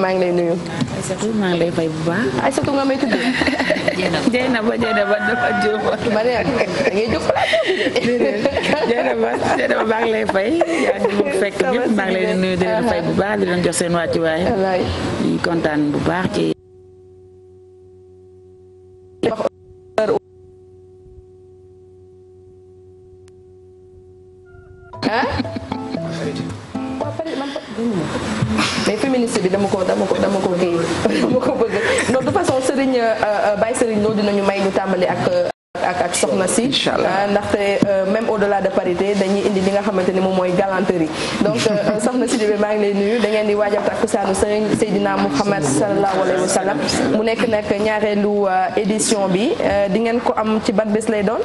maa ngi lay nuyu. Aïssatou maa ngi lay fay bu baax. Aïssatou nga may tudd. Jeynaba Jeynaba dafa jóg. ma ne da ngay jóg balaa Jeynaba Jeynaba maa ngi lay fay. yaa ngi mu fekk ñëpp maa ngi lay nuyu di fay bu baax di jox seen wàccuwaay. ñu kontaan bu baax ci. ah. ministre bi dama ko dama ko dama ko kii dama ko bëgg non de façon Serigne euh, euh, Baye Serigne loolu dinañu may ñu tàmbali ak euh, aussi ndaxte euh, même au delà de parité dañuy indi li nga xamante ni moom mooy galanterie donc euh, euh, soxna Sidibé maa ngi lay nuyu da ngeen di waajal takkusaanu sëriñ Seydina Mouhamed sallallahu alayhi wa sallam mu nekk nag ñaareelu édition bi di ngeen ko am ci ban bés lay doon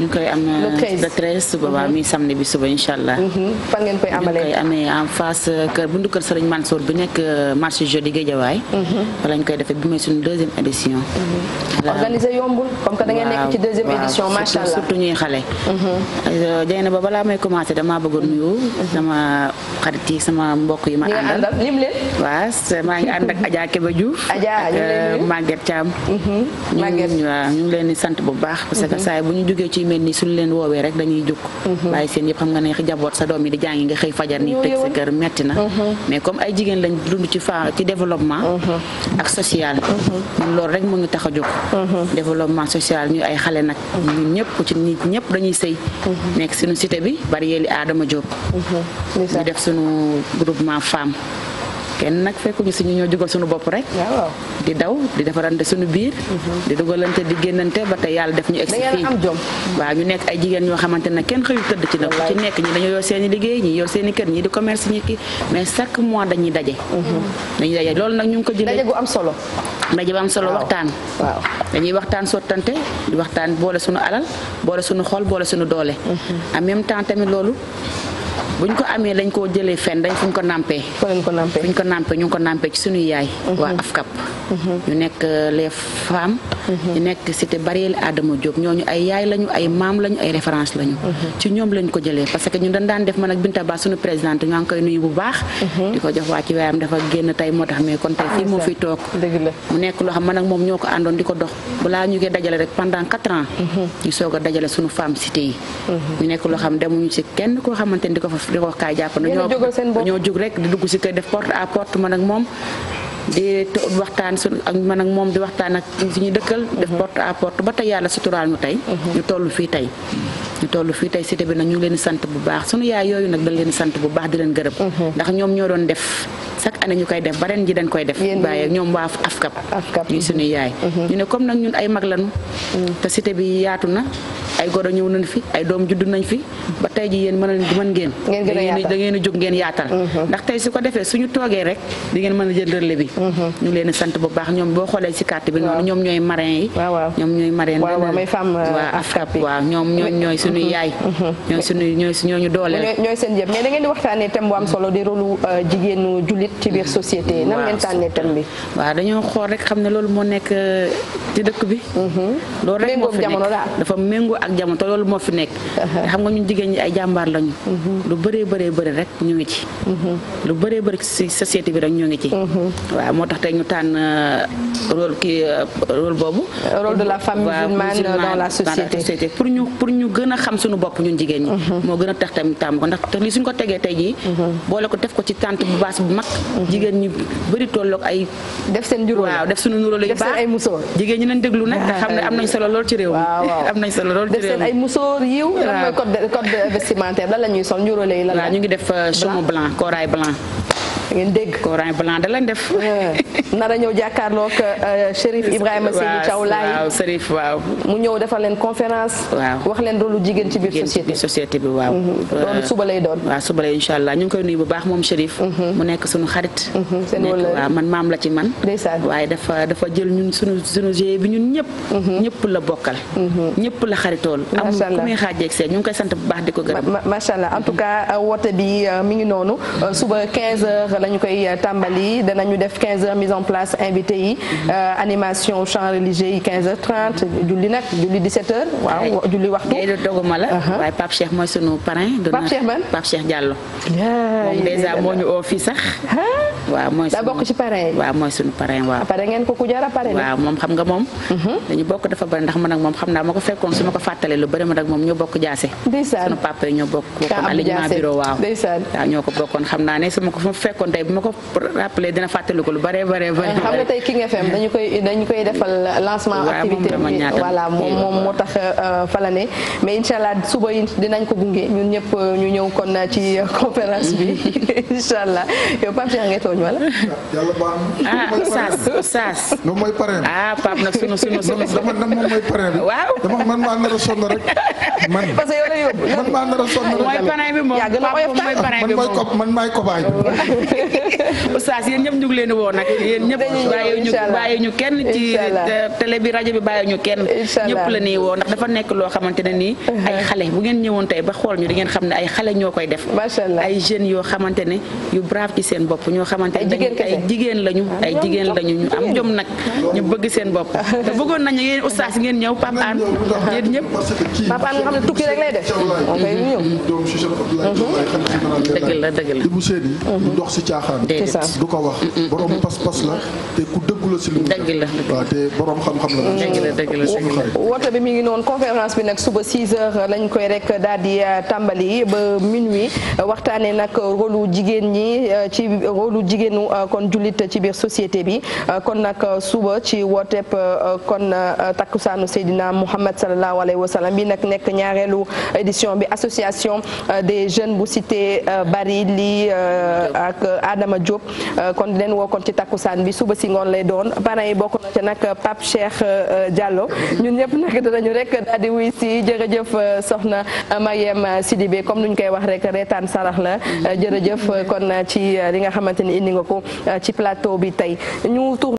ñu koy am le 13 le 13 suba waa mi samedi bi suba incha allah mhm. fan ngeen koy amalee koy en face kër bundu kër sëriñ Mansour bi nekk marché jeudi Guédiawaye mhm. fa lañ koy defee bi mooy suñu deuxième édition mhm. organiser yombul comme que da surtout surtout ñuy xale. jërëjëf mhm. euh, ba balaa may commencé damaa bëggoon nuyu. Mhm. sama xarit yi sama mbokk yi ma àndal. lim leen. maa ngi ànd ak Adja Kébé Diouf. Adja ak euh, Maguette Thiam. Mhm. Maguette waaw ñu ngi leen di sant bu baax. que saa bu ñu jógee ci mel ni suñu leen woowee rek dañuy jóg. bàyyi seen yëpp xam nga ne jaboot sa doom yi di jàngi nga xëy fajar ni tëj sa kër metti na. mais comme ay jigéen lañ dund ci fa ci développement. ak social. loolu rek mu ngi tax a jóg. développement social ñu ay xale nag. ñëpp ku ci nit ñëpp dañuy sëy mhm. nekk suñu cité bi bari yéeli Adama Diop mhm. ñu def suñu groupement femme kenn nag fekkuñu si ñu ñoo jugal suñu bopp rek. di daw di defarante suñu biir. Mhm. di dugalante di génnante ba te yàlla def ñu. egg fii ñu nekk ay jigéen ñoo xamante ne kenn xëyul tëdd ci nekk ñi dañoo yor seen i liggéey ñi yor seen i kër ñi di commerce ñi kii mais chaque mois dañuy daje. Mhm. dañuy daje loolu nag ñu ngi ko jëlee daje bu am solo. ndaje ba am solo waxtaan. waaw dañuy waxtaan sottante di waxtaan boole suñu alal boole suñu xol boole suñu doole. Mhm. en même temps tamit loolu buñ ko amee dañ koo jëlee fenn dañ fuñ ko nampee. fuñ ko ko nampee ñu ngi ko nampee ci suñuy yaay. Mhm. waa AFCAP. Mhm. ñu nekk euh, les femmes. Mhm. ñu nekk cité Barrière Adama Diop ñooñu ay yaay lañu ay maam lañu ay référence lañu. ci ñoom lañ ko jëlee parce que ñun dañ daan def man ak Binta Ba suñu présidente ñoo ngi koy nuyu bu baax. di ko jox waa ci waayam dafa génn tey moo tax mais kon tey fii moo fi toog. la mu nekk loo xam man ak moom ñoo ko àndoon di ko dox balaa ñu koy dajale rek pendant quatre ans. ñu a dajale suñu femme cité yi. ñu nekk loo xam di ko kaay jàpp na ñoo jug rek di dugg si kër def porte à porte man ak moom di waxtaan su ak man ak moom di waxtaan ak suñu dëkkal def mhm. porte à porte ba tey yàlla suturaal ñu tey mhm. ñu toll fii tey ñu toll fii tey cité bi nag ñu leen sant bu baax su sunu yaay yooyu nag dañ leen sant bu baax di leen gërëm mhm. ndax ñoom ñoo doon def chaque année ñu koy def ba ren ji dañ koy def bàyye ñoom waa afkap ñuy suñu yaay ñu ne comme nag ñun ay mag lañu te cité bi yaatu na ay goro ñëw nañ fi ay doom judd nañ fi ba tey ji yéen mën a mën ngeen da ngeen a jóg ngeen yaatal mhm. ndax tey su ko defee suñu toogee rek di ngeen mën a jël relais bi mhm. ñu leen sant bu baax ñoom boo xoolee ci carte bi noonu ñooy marraine yi ñooy marraine euh, ñooy mhm. ñooy suñuy ñooy ñooñu ñooy seen jëm mais da di waxtaanee thème bu am solo di rôlu euh, jigéenu jullit ci biir société nan ngeen tànnee thème bi waaw dañoo xool rek xam ne loolu moo nekk euh, ci dëkk bi loolu rek moo fi jamono te loolu moo fi nekk. Uh-huh. xam nga ñun jigéen ñi ay jàmbaar lañu. Uh-huh. lu bëree bëree bëri rek ñu ngi ci. Uh-huh. lu bëree bëri ci société bi rek ñoo ngi ci. waaw moo tax tey ñu tànn uh, rôle kii uh, rôle boobu. rôle de la femme musulmane dans la société pour ñu pour ñu gën a xam suñu bopp ñun jigéen ñi. moo gën a tax tamit tàmm ko ndax li suñ ko tegee tey jii. boole ko def ko ci tànt bu baas bu mag. jigéen ñi bëri tolloog ay. def seen juróom waaw def suñu nuróo yu baax def seen ay musoor jigéen ñi nañ déglu nag. te xam ne am nañ solo lool ci réew mi am nañ def seen ay musóor yiw. waaw lan mooy code code vestimentaire lan la ñuy sol njuróole yi lan la. ñu ngi def euh, chôme blanc corail blanc. ngeen dégg Coran blanc da lañ def. Eh, nar a ñëw jàkkaarloog euh, Chérif Ibrahima Seydou Thiaw Laye waaw waaw. mu ñëw defal leen conférence. waaw wax leen rôle jigéen ci biir société société bi waaw. Mhm. Euh, loolu suba lay doon. waaw suba lay incha allah ñu ngi koy nuyu bu baax moom Chérif. Mhm. mu nekk suñu xarit. Mhm, seen nekk la ci man. ndeysaan waaye dafa dafa jël ñun suñu suñu GIE bi ñun ñëpp. ñëpp la bokkal. ñëpp la xaritool. macha allah amul ku ñu koy sant bu baax di ko gërëm. macha allah en tout cas euh, woote bi mi ngi noonu suba lañu koy euh, tàmbali danañu def 15 heures mise en place invité yi. Euh, animation chant religieux yi 15 heures 30 julli nag julli 17 heures. waaw julli waxtu ngay doguma la. Uh-huh. waaye Pape Cheikh mooy sunu parrain. Pape Cheikh ban Pape Cheikh Diallo. moom déjà ñu oo fii sax. waaw mooy sunu daa bokk ci parrain yi. waaw ngeen ku jar a pare. waaw moom xam nga moom. Uh-huh. dañu bokk dafa bari ndax man ak moom xam naa ma ko fekkoon su ma ko fàttalee lu bari man ak moom ñoo bokk jaase. sunu papa yi bokk. ka am jaase su ma ko fekkoon kon tey bu ma ko rappelé dina fàttali ko lu bare bare bare xam nga tey King dañu koy dañu koy defal lancement activité bi voilà moom moom moo tax euh, fa ne mais incha allah suba dinañ ko gunge ñun ñëpp euh, ñu ñëw kon ci euh, conférence bi mhm. incha allah yow Pape Cheikh ngay tooñ wala. yàlla saas saas. Ah, moom mooy parrain nag waaw man maa nar a sonn rek. man parce que la yóbbu. man maa nar a sonn rek. mooy parrain bi moom. yaa a oyof man maay kobaay. oustaz yéen ñëpp ñu ngi leen woo nag yéen ñëpp bàyyi ñu kenn ci télé bi rajo bi bàyyi ñu ñëpp la nii woo ndax dafa nekk loo xamante ne nii ay uh-huh. xale bu ngeen ñëwoon tey ba xool ñu di ngeen xam ne ay xale ñoo koy def ay jeunes yoo xamante ne yu brave ci seen bopp ñoo xamante ne ay jigéen lañu ay jigéen lañu ñu am jom nag ñu bëgg seen bopp te bëggoon nañu yéen oustaz ngeen ñëw Pape Anne yéen ñëpp Pape Anne nga xam ne tukki rek lay def mm-hmm. mm-hmm. mm-hmm. dëgg la dëgg la caaxaan du ko wax borom pas-pas la te ku dëggu la si lu dëgg la la woote bi mu ngi noonu conférence bi nag suba 6 heures lañ koy rek daal euh, tàmbali ba minuit waxtaanee nag rôlu jigéen ñi euh, ci rôlu jigéenu euh, kon jullit ci biir société bi kon nag suba ci wooteb kon takkusaanu Seydina Mouhamed sallallahu alayhi wa sallam bi nag nekk ñaareelu édition bi association des jeunes bu cité Barili ak Adama Diop euh, kon di leen woo kon ci saan bi suba si ngoon lay doon parrain yi bokk na ca nag Pape Cheikh euh, Diallo ñun ñëpp nag danañu rek daal di wuy si jërëjëf euh, soxna Mariam Sidibé comme nuñ koy wax rek reetaan sarax la jërëjëf kon ci li nga xamante ni indi nga ko ci plateau bi tey ñu